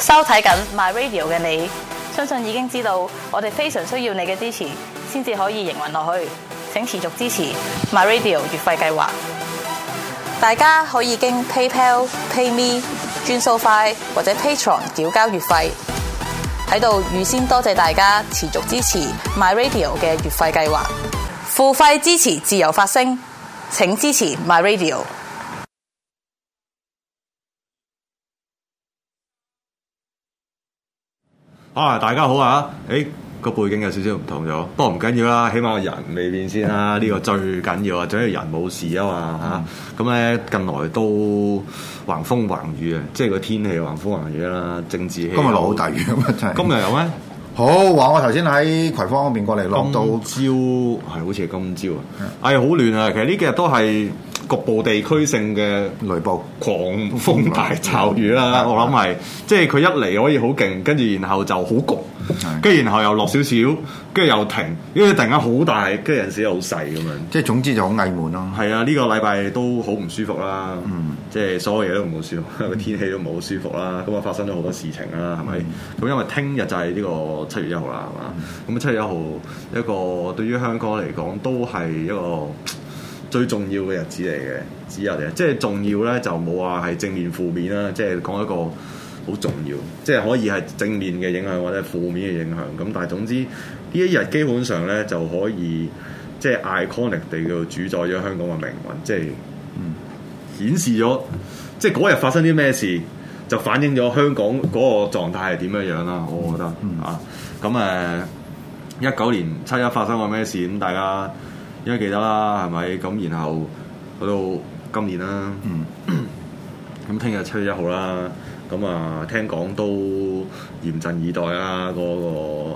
收睇緊 My Radio 嘅你，相信已經知道我哋非常需要你嘅支持，先至可以營運落去。請持續支持 My Radio 月費計劃。大家可以經 PayPal、PayMe、轉數快或者 Patreon 繳交月費。喺度預先多謝大家持續支持 My Radio 嘅月費計劃。付費支持自由發聲，請支持 My Radio。啊！大家好啊！誒、欸、個背景有少少唔同咗，不過唔緊要啦，起碼我人未變先啊！呢個最緊要啊，最緊要人冇事啊嘛嚇！咁咧近來都橫風橫雨啊，即係個天氣橫風橫雨啦，政治氣今日落 好大雨啊嘛，今日有咩好話？我頭先喺葵芳嗰邊過嚟，落到朝係好似係今朝啊！嗯、哎，好亂啊！其實呢幾日都係。局部地區性嘅雷暴、狂風大、大驟雨啦，我諗係即係佢一嚟可以好勁，跟住然後就好焗，跟住的然後又落少少，跟住又停，跟住突然間好大，跟住有陣時又好細咁樣。即係總之就好翳悶咯。係啊，呢、這個禮拜都好唔舒服啦，即係所有嘢都唔好舒服，個天氣都唔好舒服啦。咁啊發生咗好多事情啦，係咪？咁因為聽日就係呢個七月一號啦，係嘛？咁七月一號一個對於香港嚟講都係一個最重要嘅日子嚟嘅，指日嚟嘅，即係重要咧，就冇話係正面負面啦，即係講一個好重要，即係可以係正面嘅影響或者係負面嘅影響咁，但係總之呢一日基本上咧就可以即係 iconic 地叫做主宰咗香港嘅命運，即係、嗯、顯示咗即係嗰日發生啲咩事就反映咗香港嗰個狀態係點樣樣啦，我覺得、嗯嗯、啊，咁誒一九年七一發生過咩事咁大家？應該記得啦，係咪？咁然後去到今年啦，嗯，咁、 啊、聽日七月一號啦，咁啊聽講都嚴陣以待啦，嗰、那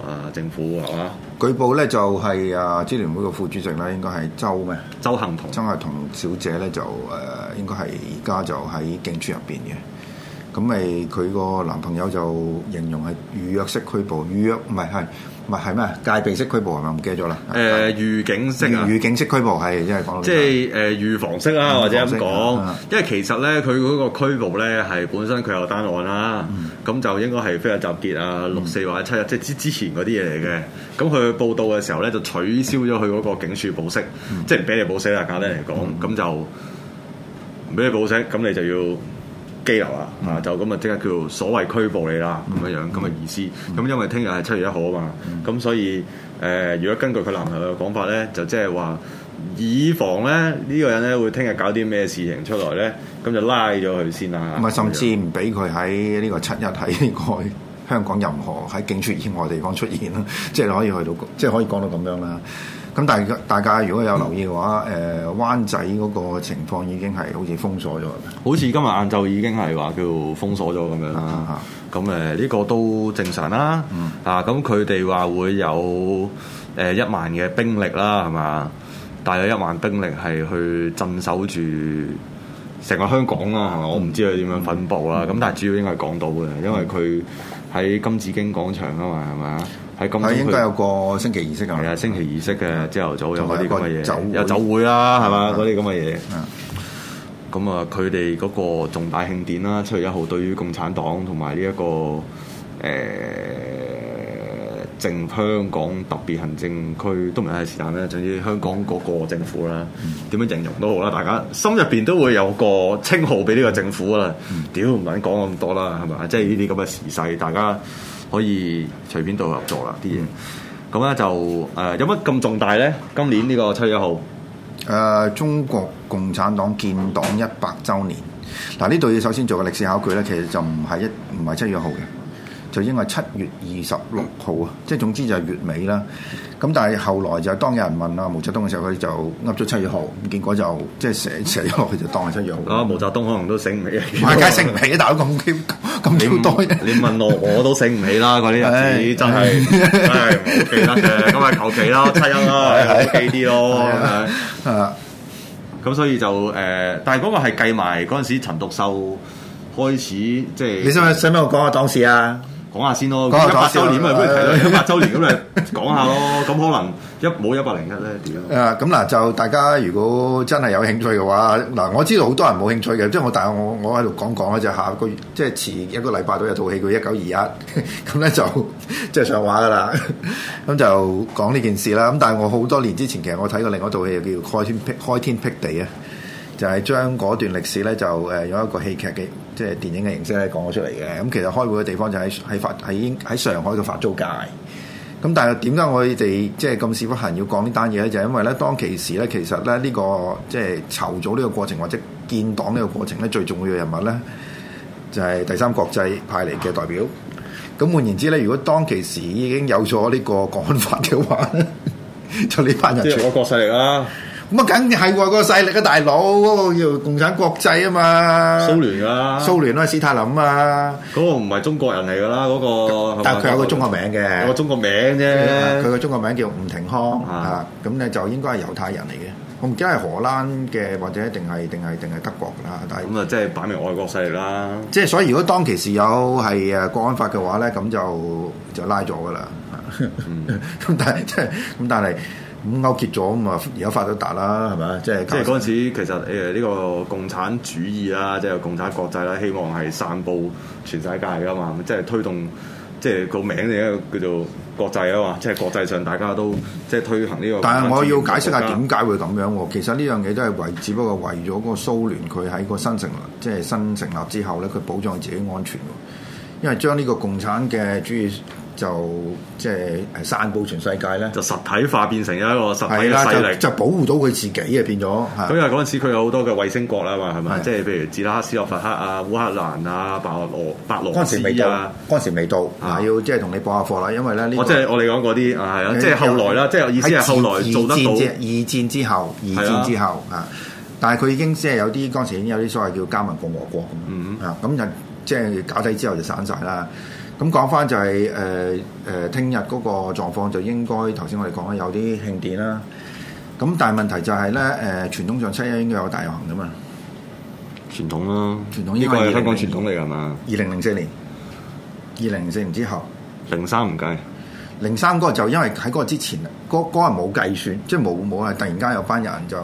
個、啊、政府係嘛？舉報咧就係、是、啊，支聯會嘅副主席啦，應該係鄒咩？鄒幸彤。鄒幸彤小姐咧就誒、啊，應該係而家就喺警署入邊嘅。咁咪佢個男朋友就形容係預約式拘捕，預約唔係係。唔係係咩？戒備式拘捕係咪？唔記得咗啦。誒、呃、預警式啊！預警式拘捕係即係講。即係誒預防式啊，或者咁講。啊、因為其實咧，佢嗰個拘捕咧係本身佢有單案啦、啊，咁、嗯、就應該係非法集結啊，六四或者七一，即係之之前嗰啲嘢嚟嘅。咁佢報道嘅時候咧，就取消咗佢嗰個警署保釋，即係唔俾你保釋啦。簡單嚟講，咁、嗯、就唔俾你保釋，咁你就要。拘留啊！啊，嗯、就咁啊，即刻叫所謂拘捕你啦，咁樣樣咁嘅意思。咁、嗯、因為聽日係七月一號啊嘛，咁、嗯、所以誒、呃，如果根據佢男朋友嘅講法咧，就即係話以防咧呢、這個人咧會聽日搞啲咩事情出來咧，咁就拉咗佢先啦。唔係，甚至唔俾佢喺呢個七一喺外香港任何喺警署以外地方出現啦，即係可以去到，即係可以講到咁樣啦。咁大家大家如果有留意嘅話，誒、呃、灣仔嗰個情況已經係好似封鎖咗、嗯。好似今日晏晝已經係話叫封鎖咗咁樣。咁誒呢個都正常啦。嗯、啊，咁佢哋話會有誒一萬嘅兵力啦，係嘛？但係一萬兵力係去鎮守住成個香港啦，係嘛、嗯？我唔知佢點樣分佈啦。咁、嗯嗯、但係主要應該係港島嘅，因為佢喺金紫荊廣場啊嘛，係嘛？係，應該有個升旗儀式噶。係啊，升旗儀式嘅朝頭早有嗰啲咁嘅嘢，有酒會啦，係嘛，嗰啲咁嘅嘢。咁啊，佢哋嗰個重大慶典啦，七月一號對於共產黨同埋呢一個誒，正、呃、香港特別行政區都唔係太時間啦，總之香港嗰個政府啦，點、嗯、樣形容都好啦，大家心入邊都會有個稱號俾呢個政府啦。屌，唔準講咁多啦，係嘛？即係呢啲咁嘅時勢，大家。可以隨便到合作啦啲嘢，咁咧就誒、呃、有乜咁重大咧？今年呢個七月一號，誒、呃、中國共產黨建黨一百週年。嗱呢度要首先做個歷史考據咧，其實就唔係一唔係七月一號嘅，就應該係七月二十六號啊！即係總之就係月尾啦。咁但係後來就當有人問啊毛澤東嘅時候，佢就噏咗七月號，結果就即係寫寫落佢就當係七月號啊。毛澤東可能都醒唔起，大家醒唔起，大家咁 Q 咁 Q 多人。你問我我都醒唔起啦，嗰啲日子真係，係唔記得嘅。咁咪求其啦，七月啦，好啲咯，咁的 所以就誒、欸，但係嗰個係計埋嗰陣時陳獨秀開始即係。你是是想唔想講下當時啊？講下先咯，一下，週年咪咩題咯，一八週年咁咪講下咯，咁、嗯、可能一冇一百零一咧，點樣、嗯？誒何，咁嗱、嗯、就大家如果真係有興趣嘅話，嗱、嗯、我知道好多人冇興趣嘅，即係我但我我喺度講講咧，就是講講就是、下個月即係、就是、遲一個禮拜都有套戲叫一九二一，咁咧 就即係、就是、上畫㗎啦，咁、 嗯、就講呢件事啦。咁、嗯、但係我好多年之前其實我睇過另一套戲叫《開天辟開天闢地》啊。就係將嗰段歷史咧，就誒有一個戲劇嘅，即、就、係、是、電影嘅形式咧講咗出嚟嘅。咁其實開會嘅地方就喺喺法喺喺上海嘅法租界。咁但係點解我哋即係咁屎忽痕要講呢單嘢咧？就是、因為咧當其時咧，其實咧、這、呢個即係籌組呢個過程或者建黨呢個過程咧，最重要嘅人物咧就係、是、第三國際派嚟嘅代表。咁換言之咧，如果當其時已經有咗呢個講法嘅話咧， 就呢班人全係嗰個勢力啦、啊。咁啊，梗係外國勢力嘅、啊、大佬嗰個叫共產國際啊嘛，蘇聯噶、啊，蘇聯啦、啊，史太林啊，嗰個唔係中國人嚟噶啦，嗰、嗰個，但係佢有個中國名嘅，有個中國名啫，佢個中國名叫吳廷康、嗯、啊，咁咧就應該係猶太人嚟嘅，我唔記得係荷蘭嘅或者一定係定係定係德國啦，但係咁啊，即係擺明外國勢力啦，即係所以如果當其時有係誒國安法嘅話咧，咁就就拉咗噶啦，咁、啊嗯、 但係即係咁但係。但咁勾結咗咁啊！而家發咗達啦，係咪啊？即係即係嗰陣時，其實誒呢個共產主義啦，即係共產國際啦，希望係散佈全世界噶嘛，即係推動，即係個名咧叫做國際啊嘛，即係國際上大家都即係推行呢個。但係我要解釋下點解會咁樣喎？其實呢樣嘢都係為，只不過為咗個蘇聯佢喺個新成立，即係新成立之後咧，佢保障自己安全，因為將呢個共產嘅主義。就即係散佈全世界咧，就實體化變成一個實體嘅勢力，就保護到佢自己啊！變咗咁，因為嗰陣時佢有好多嘅衛星國啦，嘛係咪？即係譬如捷拉斯洛伐克啊、烏克蘭啊、白俄羅、白羅斯啊，嗰陣時未到，嗰陣時未到啊！要即係同你補下課啦，因為咧呢，我即係我哋講嗰啲啊，係啊，即係後來啦，即係意思係後來做得到。二戰之後，二戰之後啊，但係佢已經即係有啲嗰陣時已經有啲所謂叫加盟共和國咁啊，咁即係搞低之後就散晒啦。咁講翻就係誒誒，聽日嗰個狀況就應該頭先我哋講啦，有啲慶典啦。咁但係問題就係、是、咧，誒、呃、傳統上七一應該有大遊行噶嘛？傳統啦、啊，呢個係香港傳統嚟係嘛？二零零四年、二零零四年之後，零三唔計，零三嗰個就因為喺嗰個之前，嗰日冇計算，即係冇冇係突然間有班人就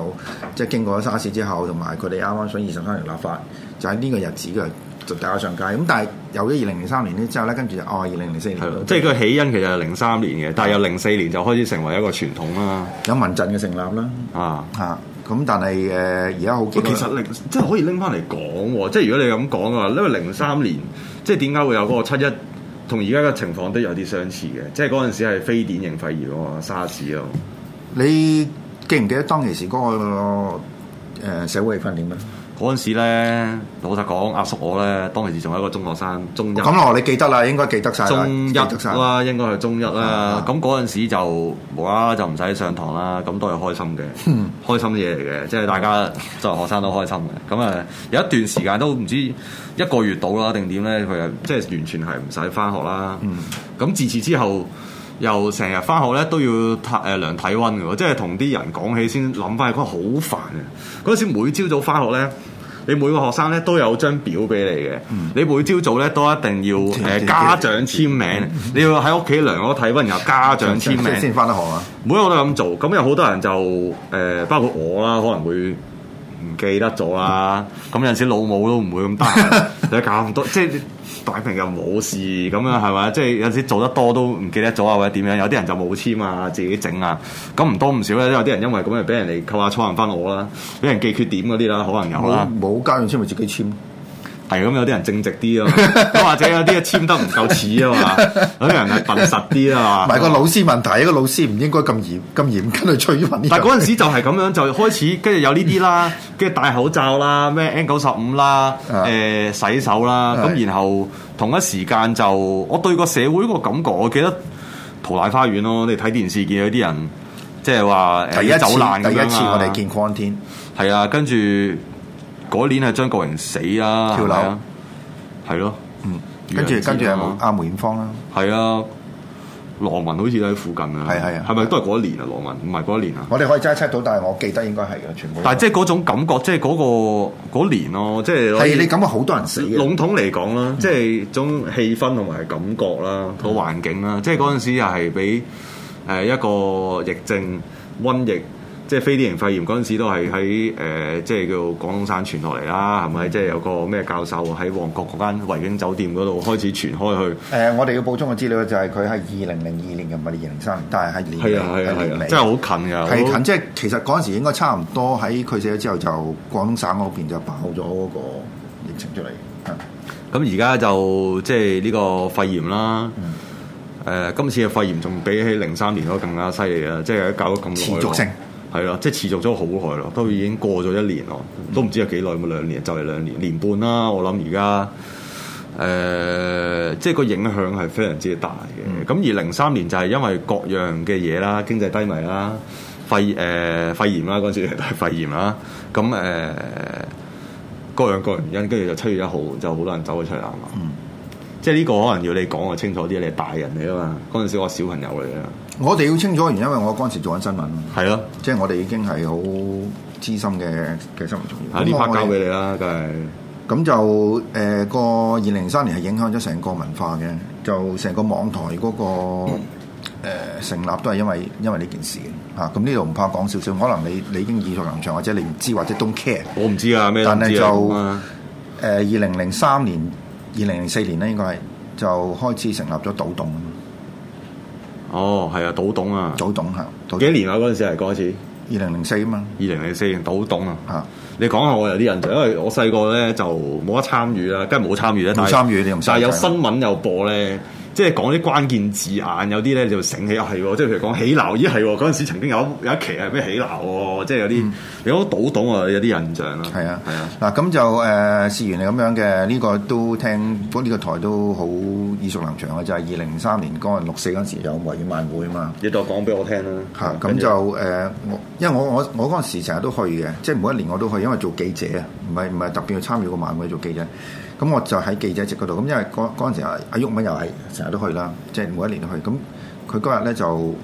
即係、就是、經過咗沙士之後，同埋佢哋啱啱上二十三條立法，就喺呢個日子嘅。就大家上街咁，但係由於二零零三年之後咧，跟住就哦二零零四年，係咯，即係佢起因其實係零三年嘅，但係由零四年就開始成為一個傳統啦，有民陣嘅成立啦，啊啊，咁但係誒而家好。呃、其實零即係可以拎翻嚟講，即係如果你咁講嘅話，因為零三年即係點解會有嗰個七一同而家嘅情況都有啲相似嘅，即係嗰陣時係非典型肺炎喎，沙士喎。你記唔記得當其時嗰、那個、呃、社會氛圍咧？嗰陣時咧，老實講，阿叔我咧當時仲係一個中學生，中一。咁啊、哦，你記得啦，應該記得晒。中一啦，應該係中一啦。咁嗰陣時就無啦啦就唔使上堂啦，咁都係開心嘅，嗯、開心嘢嚟嘅，即係大家作為學生都開心嘅。咁啊，有一段時間都唔知一個月到啦定點咧，佢係即係完全係唔使翻學啦。咁、嗯、自此之後。又成日翻學咧都要誒量體溫嘅喎，即係同啲人講起先諗翻起，覺得好煩啊！嗰陣時每朝早翻學咧，你每個學生咧都有張表俾你嘅，嗯、你每朝早咧都一定要誒、呃、家長簽名，你要喺屋企量個體溫，然後家長簽名先翻得學啊！每一個都咁做，咁有好多人就誒、呃，包括我啦，可能會。唔記得咗啦，咁有陣時老母都唔會咁得閒， 你搞咁多即係擺平又冇事咁樣係咪？即係有陣時做得多都唔記得咗啊，或者點樣？有啲人就冇簽啊，自己整啊，咁唔多唔少咧，有啲人因為咁又俾人哋扣下錯人翻我啦，俾人記缺點嗰啲啦，可能有啦，冇家用簽咪自己簽。係咁，有啲人正直啲啊，或者有啲啊簽得唔夠似啊嘛， 有啲人係笨實啲啊嘛，唔係個老師問題，個老師唔應該咁嚴，咁嚴跟住催促啲。但係嗰陣時就係咁樣，就開始跟住有呢啲啦，跟住戴口罩啦，咩 N 九十五啦，誒洗手啦，咁然後同一時間就，我對個社會個感覺，我記得淘大花園咯，你睇電視見有啲人即係話第一次，走第一次我哋見光天，係啊，跟住。嗰年係張國榮死啊，跳樓啊，係咯，嗯，跟住跟住阿梅豔芳啦，係啊，羅文好似喺附近啊，係係啊，係咪都係嗰一年啊？羅文唔係嗰一年啊？我哋可以真係 check 到，但係我記得應該係嘅全部。但係即係嗰種感覺，即係嗰個年咯，即係係你感覺好多人死。籠統嚟講啦，即係種氣氛同埋感覺啦，個環境啦，即係嗰陣時又係俾誒一個疫症瘟疫。即係非典型肺炎嗰陣時都係喺誒，即係叫廣東省傳落嚟啦，係咪？嗯、即係有個咩教授喺旺角嗰間維景酒店嗰度開始傳開去。誒、呃，我哋要補充嘅資料就係佢係二零零二年嘅唔係二零零三年，但係係年係、啊啊啊、年尾來，真係好近㗎。係近，即係其實嗰陣時應該差唔多。喺佢死咗之後就，就廣東省嗰邊就爆咗嗰個疫情出嚟。咁而家就即係呢個肺炎啦。誒、嗯呃，今次嘅肺炎仲比起零三年嗰個更加犀利啊！即係、嗯、搞咗咁耐持續性。係啦，即係持續咗好耐咯，都已經過咗一年咯，都唔知有幾耐，冇兩年，年，年、呃嗯、年就係兩年年半啦。我諗而家誒，即係個影響係非常之大嘅。咁而零三年就係因為各樣嘅嘢啦，經濟低迷啦，肺誒肺炎啦嗰陣時係肺炎啦，咁、嗯、誒各樣各樣原因，跟住就七月一號就好多人走咗出嚟啊嘛。嗯即係呢個可能要你講就清楚啲，你係大人嚟啊嘛。嗰陣時我小朋友嚟啊。我哋要清楚原因，因為我嗰陣時做緊新聞。係咯、啊，即係我哋已經係好資深嘅嘅其實唔重要。呢、啊、咁交俾你啦，梗係。咁就誒個二零零三年係影響咗成個文化嘅，就成個網台嗰、嗰個、嗯呃、成立都係因為因為呢件事嘅。咁呢度唔怕講少少，可能你你已經耳濡目染，或者你唔知或者 don't care 我。我唔知，但就知啊，咩都唔知啊。誒二零零三年。二零零四年咧，應該係就開始成立咗賭棟啊嘛！哦，係啊，賭棟啊！賭棟嚇幾年啊？嗰陣時係開始二零零四啊嘛，二零零四年賭棟啊嚇！你講下我有啲印象，因為我細個咧就冇得參與啊，跟住冇參與啊，冇參與你唔但係有新聞又播咧。即係講啲關鍵字眼，有啲咧就醒起，又係即係譬如講起鬧，咦係嗰陣時曾經有有一期係咩起鬧，即係有啲如果倒董啊，有啲印象咯。係啊，係啊。嗱、嗯、咁、啊、就誒試完咁樣嘅呢個都聽，呢個台都好耳熟能詳嘅就係二零零三年嗰陣六四嗰陣時有維園晚會啊嘛。你再講俾我聽啦。嚇咁就誒，因為我我我嗰陣時成日都去嘅，即係每一年我都去，因為做記者啊，唔係唔係特別去參與個晚會做記者。咁我就喺記者席嗰度，咁因為嗰嗰時阿阿毓民又係成日都去啦，即係每一年都去。咁佢嗰日咧就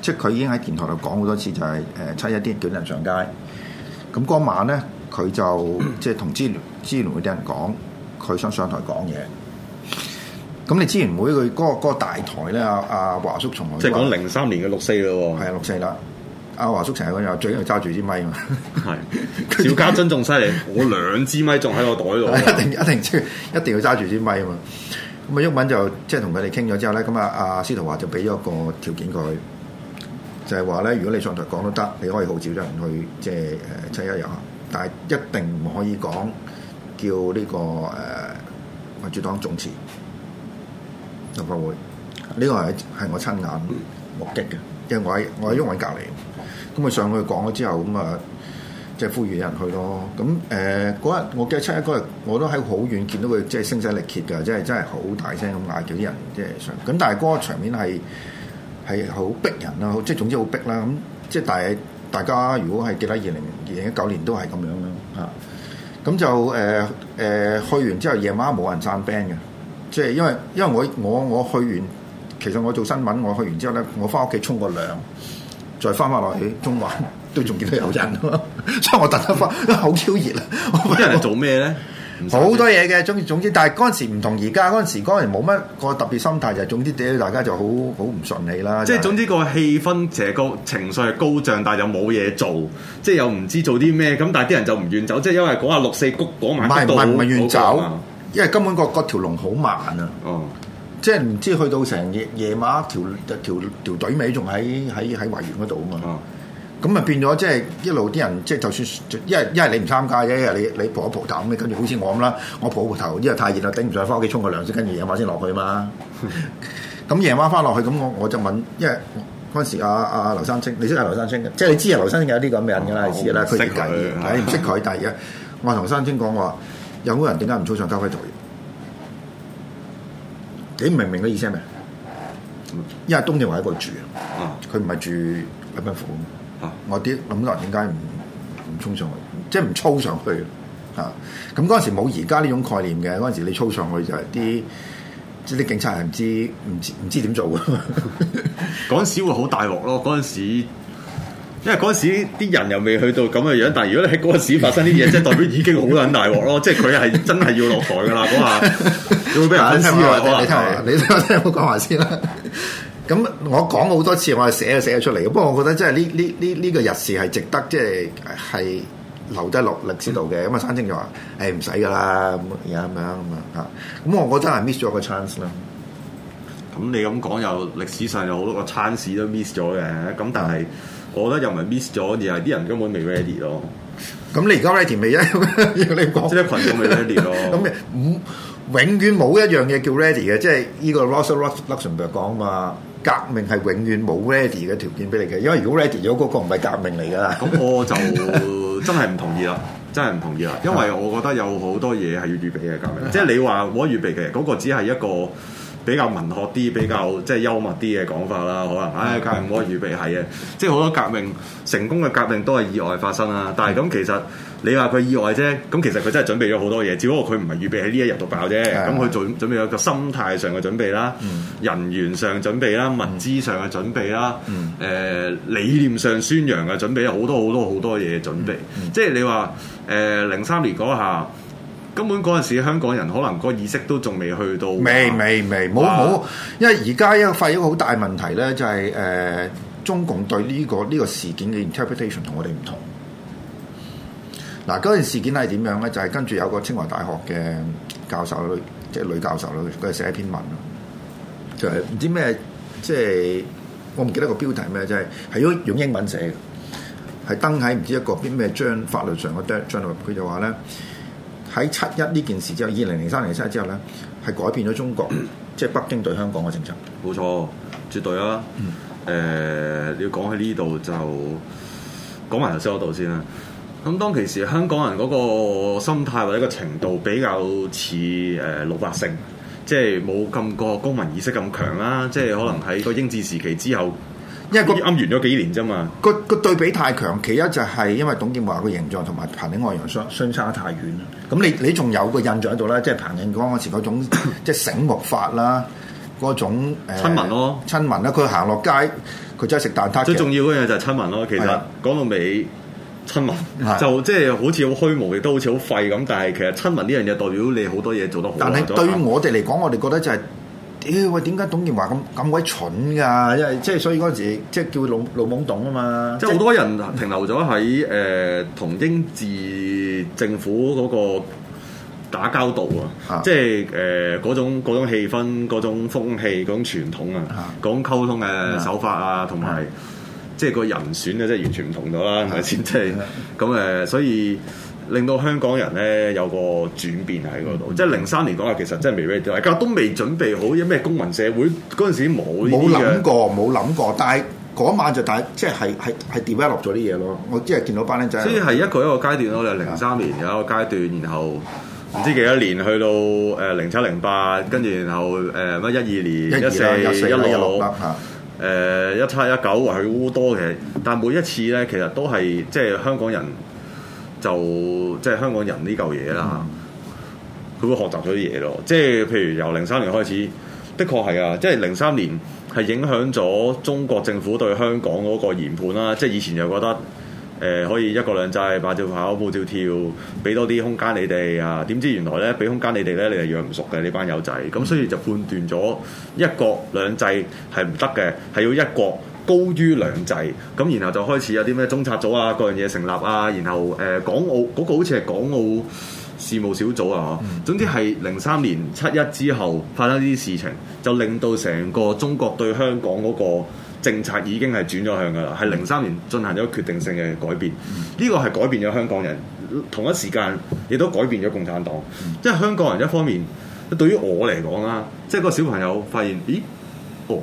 即係佢已經喺電台度講好多次，就係誒差一啲人叫人上街。咁、那、嗰、個、晚咧，佢就即係同支聯支聯會啲人講，佢想上台講嘢。咁你支援會佢嗰、那個那個大台咧，阿、啊、阿華叔從來即係講零三年嘅六四咯喎，係啊六四啦。阿、啊、華叔成日講又最緊要揸住支咪嘛，係小嘉真仲犀利，我兩支咪仲喺我袋度、 嗯，一定一定一定要揸住支咪啊嘛。咁啊，毓民就即係同佢哋傾咗之後咧，咁啊啊司徒華就俾咗一個條件佢，就係話咧，如果你上台講都得，你可以好少人去即係誒、呃、七一遊行，但係一定唔可以講叫呢、這個誒民主黨總辭立法會，呢個係係我親眼目擊嘅，因為、嗯、我喺我喺毓民隔離。咁咪上去講咗之後，咁啊即係呼籲人去咯。咁誒嗰日我記得七一嗰日，我都喺好遠見到佢即係聲勢力竭㗎，即係真係好大聲咁嗌叫啲人即係上。咁但係嗰個場面係係好逼人啦，即係總之好逼啦。咁即係大大家如果係記得二零二零一九年都係咁樣啦嚇。咁、啊、就誒誒、呃呃、去完之後夜晚冇人讚 band 嘅，即係因為因為我我我去完，其實我做新聞我去完之後咧，我返屋企沖個涼。再翻翻落去中環都仲見到有人咯， 所以我特登翻，好超熱啊！啲人做咩咧？好多嘢嘅，總之總之，但係嗰陣時唔同而家嗰陣時，嗰陣時冇乜個特別心態，就總之大家就好好唔順利啦。即係是的總之個氣氛其實個情緒係高漲，但係又冇嘢做，即係又唔知做啲咩，咁但係啲人就唔願走，即係因為講下六四谷嗰晚唔係唔唔願走，因為根本、嗰個個條龍好慢。啊、嗯。即係唔知去到成夜夜晚，條條條隊尾仲喺喺喺維園嗰度啊嘛。咁啊變咗即係一路啲人，即係就算因係一係你唔參加啫，一係你你，你蒲一蒲頭咁，跟住好似我咁啦，我蒲一蒲頭，因為太熱啦，頂唔上翻屋企沖個涼先，跟住夜晚先落去啊嘛。咁夜 晚翻落去，咁我我就問，因為嗰陣時阿、啊、阿、啊啊、劉山青，你識阿劉山青嘅？即係你知阿劉山青有啲咁嘅人噶啦，係知啦。唔識佢，係唔識佢，但係一我同山青講話，有冇人點解唔早上交揮隊？你唔明明個意思係咩？因為東正華喺嗰度住啊，佢唔係住喺乜房，啊、我啲諗緊點解唔唔衝上去，即係唔操上去啊？咁嗰陣時冇而家呢種概念嘅，嗰陣時你操上去就係啲、啊、即係啲警察係唔知唔、啊、知唔知點做嘅，嗰陣、啊、 時會好大鑊咯，嗰陣因為嗰陣時啲人又未去到咁嘅樣，但係如果你喺嗰陣時發生啲嘢，即係代表已經好撚大鑊咯，即係佢係真係要落台㗎啦嗰下。你冇俾人諗住或你聽？你聽我講埋先啦。咁我講好多次，我係寫就寫得出嚟嘅。不過我覺得即係呢呢呢呢個日事係值得，即係係留低落歷史度嘅。咁啊，山正就話：誒唔使㗎啦，咁樣咁樣吓。咁我覺得係 miss 咗個 chance 啦。咁你咁講又歷史上有好多個 chance 都 miss 咗嘅，咁但係。我覺得又唔係 miss 咗，而係啲人根本未 ready 咯。咁你而家 ready 未啫？ 你講說即係群眾未 ready 咯。咁、 嗯、永遠冇一樣嘢叫 ready 嘅，即係呢個 Rosa Luxemburg 講啊嘛。革命係永遠冇 ready 嘅條件俾你嘅，因為如果 ready 咗嗰、那個唔係革命嚟嘅啦，咁我就真係唔同意啦， 真係唔同意啦。因為我覺得有好多嘢係要預備嘅革命， 即係你話冇得預備嘅嗰、那個只係一個。比較文學啲，比較即係幽默啲嘅講法啦。可能唉，梗係唔可以預備係啊！即係好多革命成功嘅革命都係意外發生啦。但係咁、嗯、其實你話佢意外啫，咁其實佢真係準備咗好多嘢，只不過佢唔係預備喺呢一日度爆啫。咁佢做準備咗個心態上嘅準備啦，嗯、人員上準備啦，物資上嘅準備啦，誒、嗯呃、理念上宣揚嘅準備，好多好多好多嘢準備。嗯嗯、即係你話誒零三年嗰下。根本嗰陣時，香港人可能個意識都仲未去到。未未未，冇冇，哇因為而家發現一個好大問題咧、就是，就係誒中共對呢、這個呢、這個事件嘅 interpretation 同我哋唔同。嗱，嗰陣事件係點樣咧？就係、是、跟住有個清華大學嘅教授，即係女教授咯，佢寫一篇文就係、是、唔知咩，即、就、係、是、我唔記得個標題咩，就係、是、係用，用英文寫，係登喺唔知一個邊咩張法律上嘅張度，佢就話咧。喺七一呢件事之後，二零零三年七一之後咧，係改變咗中國，即係 北京對香港嘅政策。冇錯，絕對啊！誒、嗯，你、呃、要講喺呢度就講埋頭先嗰度先啦。咁當其時，香港人嗰個心態或者個程度比較似誒、呃、老百姓，即係冇咁個公民意識咁強啦。即係可能喺個英治時期之後。因為佢啱完咗幾年啫嘛，個個對比太強。其一就係因為董建華個形象同埋彭定康樣，相相差太遠啦。咁你你仲有個印象喺度咧，即係彭定康嗰時嗰種 即係醒目法啦，嗰種誒親、呃、民咯，親民啦。佢行落街，佢真係食蛋撻。最重要嘅嘢就係親民咯。其實講的到尾，親民的就即係、就是、好似好虛無，亦都好似好廢咁。但係其實親民呢樣嘢代表你好多嘢做得好。但係對我哋嚟講，我哋覺得就係、是。屌喂，點解、哎、董建華咁咁鬼蠢㗎？因為即係所以嗰陣時，即、就、係、是、叫老老懵懂啊嘛。即係好多人停留咗喺誒同英治政府嗰個打交道是啊即。即係誒嗰種嗰種氣氛、嗰種風氣、嗰種傳統啊，講溝通嘅手法是啊，啊，同埋即係個人選咧，即係完全唔同咗啦，係咪先？即係咁誒，所 以。笑 令到香港人咧有個轉變喺嗰度，嗯、即係零三年講話其實真係未 very 大，但都未準備好，因咩公民社會嗰陣時冇冇諗過，冇諗過，但係嗰晚就但係即係係係係 develop 咗啲嘢咯。我即係見到班靚仔。所以係一個一個階段咯，就零三年有一個階段，然後唔知幾多年去到誒零七零八，跟、呃、住然後誒乜一二年、一四、一六、一六八，一七、一九，係好多嘅。但係每一次咧，其實都係即係香港人。就即係香港人呢嚿嘢啦，佢、嗯、會學習咗啲嘢咯。即係譬如由零三年開始，的確係啊，即係零三年係影響咗中國政府對香港嗰個研判啦。即係以前就覺得誒、呃、可以一國兩制，馬照跑，舞照跳，俾多啲空、空間你哋啊。點知原來咧俾空間你哋咧，你係養唔熟嘅呢班友仔。咁、嗯、所以就判斷咗一國兩制係唔得嘅，係要一國。高於兩制，咁然後就開始有啲咩中策組啊，各樣嘢成立啊，然後誒、呃、港澳嗰、那個好似係港澳事務小組啊，嗬、嗯。總之係零三年七一之後發生呢啲事情，就令到成個中國對香港嗰個政策已經係轉咗向噶啦，係零三年進行咗決定性嘅改變。呢、嗯、個係改變咗香港人，同一時間亦都改變咗共產黨。即係、嗯、香港人一方面，對於我嚟講啦，即係個小朋友發現，咦，哦。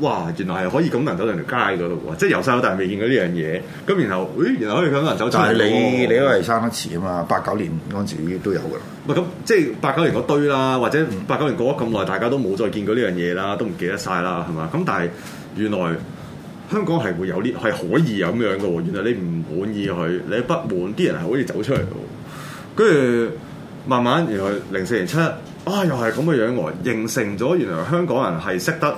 哇！原來係可以咁樣能走到條街嗰度喎，即係由細到大未見過呢樣嘢。咁然後，咦、哎？原來可以咁樣走出，但係你你都係生得遲啊嘛，八九年陣時已經都有㗎啦。唔係咁，即係八九年嗰堆啦，或者八九年過咗咁耐，大家都冇再見過呢樣嘢啦，都唔記得晒啦，係嘛？咁但係原來香港係會有呢，係可以咁樣嘅喎。原來你唔滿意佢，你不滿，啲人係可以走出嚟嘅。跟住慢慢，原來零四年七啊，又係咁嘅樣喎，形成咗原來香港人係識得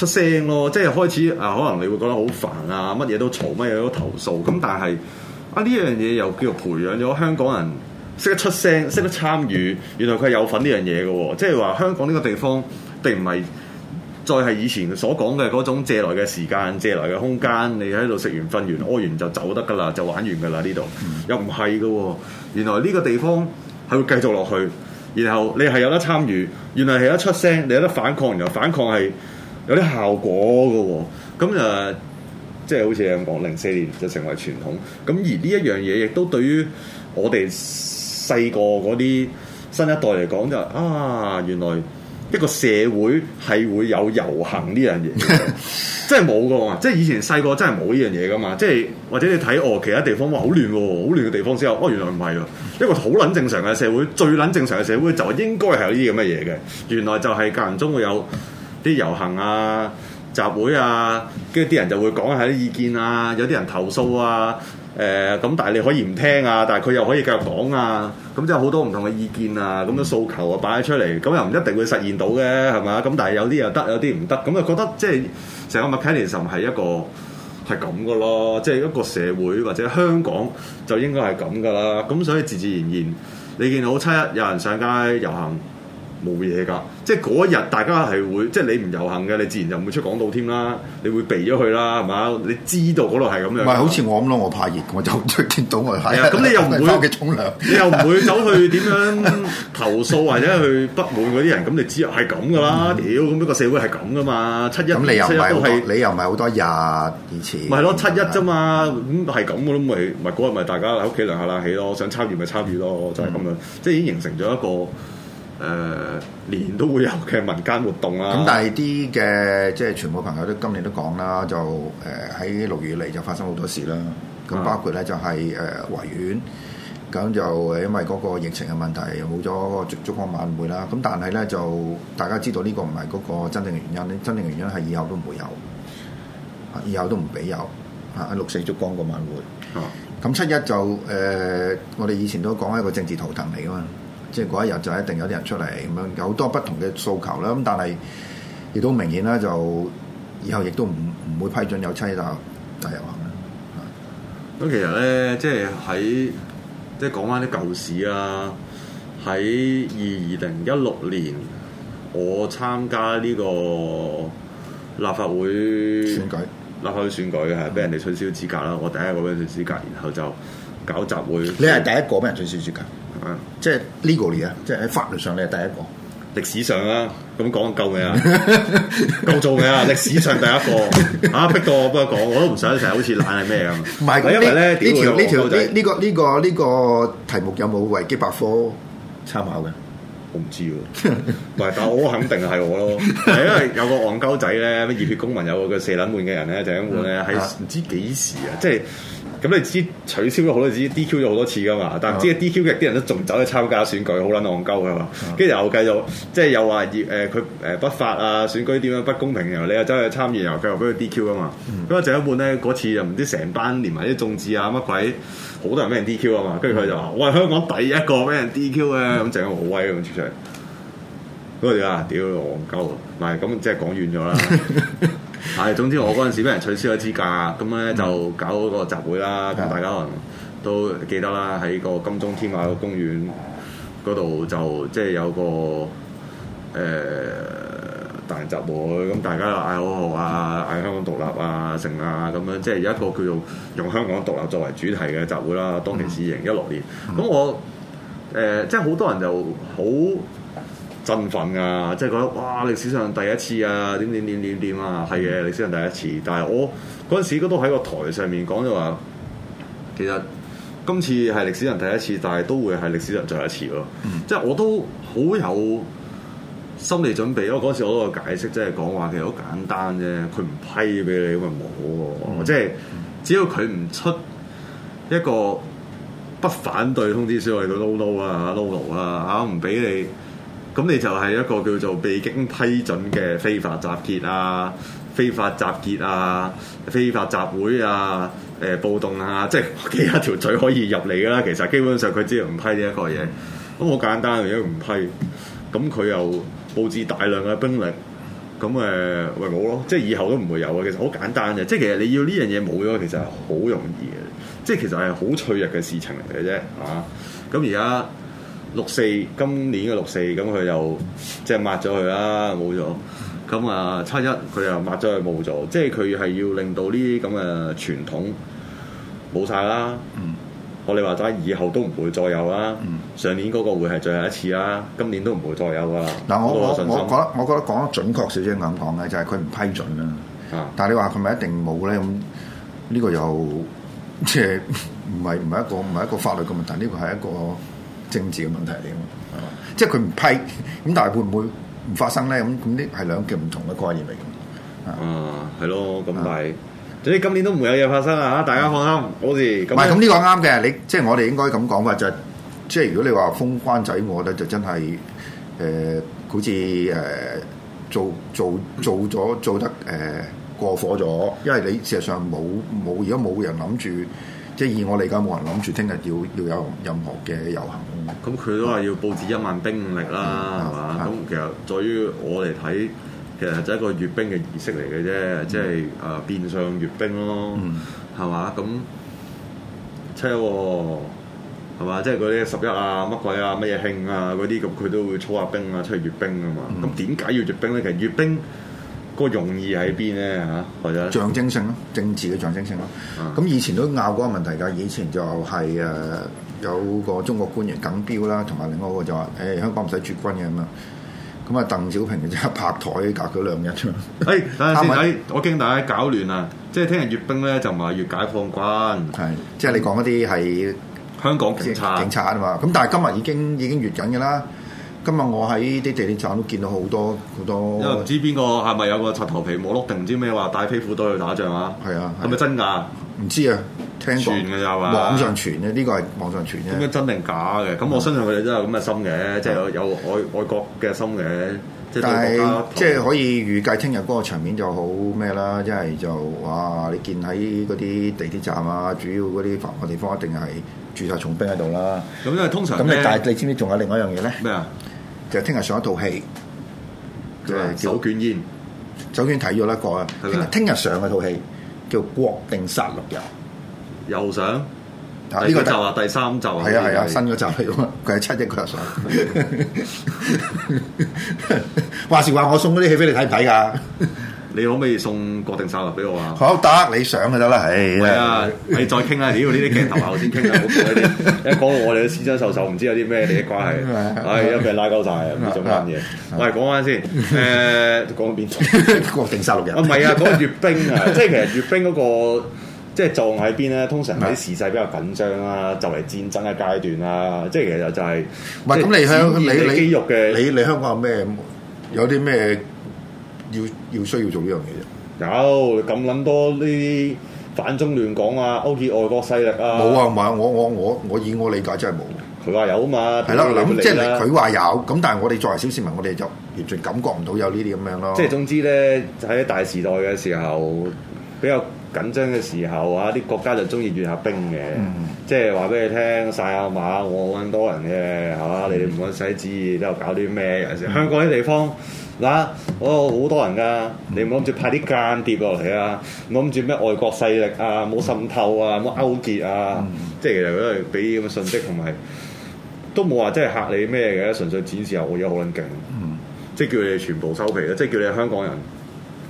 出聲咯，即係開始啊！可能你會覺得好煩啊，乜嘢都嘈，乜嘢都投訴咁。但係啊，呢樣嘢又叫做培養咗香港人識得出聲，識得參與。原來佢有份呢樣嘢嘅，即係話香港呢個地方並唔係再係以前所講嘅嗰種借來嘅時間、借來嘅空間。你喺度食完、瞓完、屙完就走得㗎啦，就玩完㗎啦。呢度，又唔係㗎。原來呢個地方係會繼續落去，然後你係有得參與，原來係有得出聲，你有得反抗，然後反抗係。有啲效果嘅喎、哦，咁誒，即、就、係、是、好似你咁講，零四年就成為傳統。咁而呢一樣嘢，亦都對於我哋細個嗰啲新一代嚟講、就是，就啊，原來一個社會係會有遊行呢樣嘢， 真係冇噶嘛？即係以前細個真係冇呢樣嘢噶嘛？即係或者你睇哦，其他地方話好亂，好亂嘅地方之後，哦，原來唔係㗎，一個好撚正常嘅社會，最撚正常嘅社會就應該係有呢啲咁嘅嘢嘅。原來就係間中會有。啲遊行啊、集會啊，跟住啲人就會講下啲意見啊，有啲人投訴啊，誒、呃、咁，但係你可以唔聽啊，但係佢又可以繼續講啊，咁即係好多唔同嘅意見啊，咁樣訴求啊擺咗出嚟，咁又唔一定會實現到嘅係咪？咁但係有啲又得，有啲唔得，咁就覺得即係成個 mechanism 係一個係咁嘅咯，即係一個社會或者香港就應該係咁㗎啦，咁所以自自然然你見到七一有人上街遊行。冇嘢噶，即係嗰日大家係會，即係你唔遊行嘅，你自然就唔會出港島添啦，你會避咗佢啦，係嘛？你知道嗰度係咁樣。唔係好似我咁咯，我怕熱，我就出天島外。係啊，咁你又唔會沖涼，你又唔會走去點樣投訴或者去不滿嗰啲人？咁你只係咁噶啦，屌咁一個社會係咁噶嘛？七一七一都係，你又唔係好多日以前。咪係咯，七一啫嘛，咁係咁嘅咯，咪咪嗰日咪大家喺屋企涼下冷氣咯，想參與咪參與咯，就係咁樣，即係已經形成咗一個。誒年、呃、都會有嘅民間活動啦、啊，咁但係啲嘅即係全部朋友都今年都講啦，就誒喺六月嚟就發生好多事啦，咁、啊、包括咧就係誒維園，咁、呃、就因為嗰個疫情嘅問題冇咗個燭燭光晚會啦，咁但係咧就大家知道呢個唔係嗰個真正原因，呢真正原因係以後都唔會有，以後都唔俾有啊！六四燭光個晚會，咁、啊、七一就誒、呃，我哋以前都講一個政治圖騰嚟噶嘛。即係嗰一日就一定有啲人出嚟咁樣，有好多不同嘅訴求啦。咁但係亦都明顯啦，就以後亦都唔唔會批准有七一大遊行嘅。咁其實咧，即係喺即係講翻啲舊事啊。喺二零一六年，我參加呢個立法會，立法會選舉，立法會選舉係俾人哋取消資格啦。我第一個俾人取消資格，然後就搞集會。你係第一個俾人取消資格。嗯、即係 legally 嘅，即係喺法律上你係第一個，歷史上啦，咁講夠未啊？夠 做未啊？歷史上第一個，吓、啊、逼到我不過講，我都唔想成日好似懶係咩咁。唔係是，因為咧呢條呢條呢呢個呢、這個呢、這個題目有冇維基百科參考嘅？我唔知喎，唔係， 但我肯定係我咯，係 因為有個戇鳩仔咧，咩熱血公民有個四撚悶嘅人咧，就咁悶咧，係唔知幾時啊，即係。 咁你知取消咗好多次，DQ 咗好多次噶嘛？但係唔知 DQ 嘅啲人都仲走去參加選舉，好撚戇鳩噶嘛？跟住又繼續，即係又話誒佢誒不法啊，選舉點樣不公平？然後你又走去參與，又繼續俾佢 DQ 噶嘛？咁啊、嗯，整一半咧嗰次又唔知成班連埋啲眾志啊乜鬼，好多人俾人 DQ 啊嘛？跟住佢就話：我係、嗯、香港第一個俾人 DQ 嘅，咁整好威咁出出嚟。咁我哋啊，屌戇鳩啊！唔係咁，即係講遠咗啦。 係，總之我嗰陣時俾人取消咗資格，咁咧就搞嗰個集會啦。嗯、大家可能都記得啦，喺個金鐘添馬個公園嗰度就即係、就是、有個誒、呃、大型集會，咁大家又嗌口號啊，嗌、嗯、香港獨立啊、成啊，咁樣即係有一個叫做用，用香港獨立作為主題嘅集會啦。當其時二零一六年，咁我誒即係好多人就好。身份啊，即係覺得哇！歷史上第一次啊，點點點點點啊，係嘅，歷史上第一次。但係我嗰陣時都喺個台上面講咗話，其實今次係歷史上第一次，但係都會係歷史上最後一次咯。即係、嗯、我都好有心理準備，因為嗰時我嗰個解釋即係講話，就是、說說其實好簡單啫。佢唔批俾你咪冇喎，即係、啊嗯就是、只要佢唔出一個不反對通知書，我哋就 no no 啦，no no 啦、啊，唔俾你。咁你就係一個叫做被經批准嘅非法集結啊、非法集結啊、非法集會啊、誒、呃、暴動啊，即係其他一條罪可以入嚟噶啦。其實基本上佢只係唔批呢一個嘢，咁好簡單如果唔批，咁佢又佈置大量嘅兵力，咁誒咪冇咯，即係以後都唔會有啊。其實好簡單嘅，即係其實你要呢樣嘢冇咗，其實係好容易嘅，即係其實係好脆弱嘅事情嚟嘅啫，係嘛？咁而家。六四今年嘅六四，咁佢、嗯、又即係抹咗佢啦，冇咗。咁、嗯、啊七一佢又抹咗佢冇咗，即係佢係要令到呢啲咁嘅傳統冇晒啦。我哋話齋以後都唔會再有啦。嗯、上年嗰個會係最後一次啦，今年都唔會再有啊。嗱我，我我我覺得，我覺得講得準確少少咁講嘅就係佢唔批准啦。啊、但係你話佢咪一定冇咧？咁呢個又即係唔係唔係一個唔係一、一個法律嘅問題？呢個係一個。政治嘅問題嚟即係佢唔批，咁但係會唔會唔發生咧？咁咁啲係兩極唔同嘅概念嚟嘅。啊，係咯，咁但係，總之的今年都唔會有嘢發生啊！嚇，大家放心，嗯、好似唔係咁呢個啱嘅。你即係我哋應該咁講法，就係、是、即係如果你話封關仔，我覺得就真係誒、呃，好似誒、呃、做做做咗做得誒、呃、過火咗，因為你事實上冇冇而家冇人諗住。即以我嚟講，冇人諗住聽日要要有任何嘅遊行。咁佢都話要佈置一萬兵力啦，係嘛？咁其實在於我嚟睇，其實就一個閱兵嘅儀式嚟嘅啫，即係誒變相閱兵咯，係嘛？嗯，咁車喎，係嘛？即係嗰啲十一啊、乜鬼啊、乜嘢慶啊嗰啲，咁佢都會操下兵啊，出去閱兵啊嘛。咁點解要閱兵咧？其實閱兵。個容易喺邊咧嚇？或者象徵性咯，政治嘅象徵性咯。咁、嗯、以前都拗過個問題㗎。以前就係誒有個中國官員耿飈啦，同埋另外一個就話誒、哎、香港唔使駐軍嘅咁啊。咁啊，鄧小平就拍台隔咗兩日啫。誒、哎，等下們我驚大家搞亂啊！即係聽日閱兵咧，就唔係閱解放軍。係、嗯，即係你講嗰啲係香港警察警察啊嘛。咁但係今日已經已經閲緊㗎啦。今日我喺啲地鐵站都見到好多好多，多因為唔知邊個係咪有個擦頭皮冇碌定唔知咩話帶飛虎都去打仗啊？係啊，係咪真㗎？唔知啊，聽傳嘅咋嘛？網上傳咧，呢、呢個係網上傳啫。點解真定假嘅？咁我相信佢哋都有咁嘅心嘅，的即係有有愛愛國嘅心嘅。但係的即係可以預計聽日嗰個場面就好咩啦？即係就哇！你見喺嗰啲地鐵站啊，主要嗰啲防範地方一定係駐曬重兵喺度啦。咁、嗯、因為通常咁，你，你知唔知仲有另外一樣嘢咧？咩啊？就聽日上一套戲，叫《手捲煙》首，酒卷睇咗一個啊。聽日的上嗰套戲叫《國定殺戮日》，又上，呢、啊、個就話第三就、就是啊、集，係啊係啊，新嗰集嚟喎。佢係七一，佢又上， 話時話我送嗰啲戲飛，你睇唔睇噶？你可唔可以送國定沙律俾我啊？好得、哦，你上就得啦，係啊，你再傾下，屌呢啲鏡頭啊，我先傾啊！一講 到我哋嘅先真受受，唔知有啲咩利益關係，唉、 哎，有冇人拉鳩曬啊？呢種嘢，我係講翻先，誒，講、呃、邊 國定沙律啊？唔係啊，講、那、閲、個、兵啊！ 即係其實閲兵嗰、那個即係藏喺邊咧？通常喺時勢比較緊張 啊，就嚟、是、戰爭嘅階段啦，即係其實就係唔係咁？你香你你肌肉嘅你你香港有咩有啲咩？要要需要做呢樣嘢有咁撚多呢啲反中亂港啊，勾結外國勢力啊，冇啊嘛、唔係，我我我我以我理解真係冇。佢話有嘛，係啦，咁即係佢話有，咁但係我哋作為小市民，我哋就完全感覺唔到有呢啲咁樣咯。即係總之咧，喺大時代嘅時候比較緊張嘅時候啊，啲國家就中意閱吓兵嘅，嗯、即係話俾你聽晒下馬，我咁多人嘅嚇，嗯、你哋唔好使注意，喺度搞啲咩？其實香港啲地方。嗱，我好 多人噶，你唔好諗住派啲間諜落嚟啊！我諗住咩外國勢力啊，冇滲透啊，冇勾結啊，嗯、即係其實都係俾咁嘅信息同埋，都冇話真係嚇你咩嘅，純粹展示下我有好撚勁，嗯、即係叫你全部收皮啦，即係叫你香港人，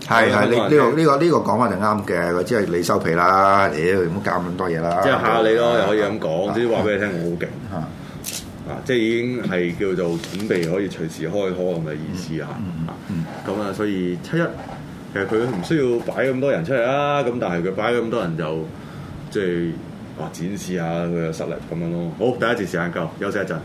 係係呢個呢聽、呢個呢、呢個講法就啱嘅，即係你收皮啦，你唔好搞咁多嘢啦，即係、嗯就是、嚇你咯，又可以咁講，即話俾你聽，你聽我好勁嚇。即係已經係叫做準備可以隨時開火咁嘅意思嚇，咁啊、嗯嗯嗯嗯，所以七一其實佢唔需要擺咁多人出嚟啊，咁但係佢擺咁多人就即係啊展示下佢嘅實力咁樣咯。好，第一節時間夠，休息一陣。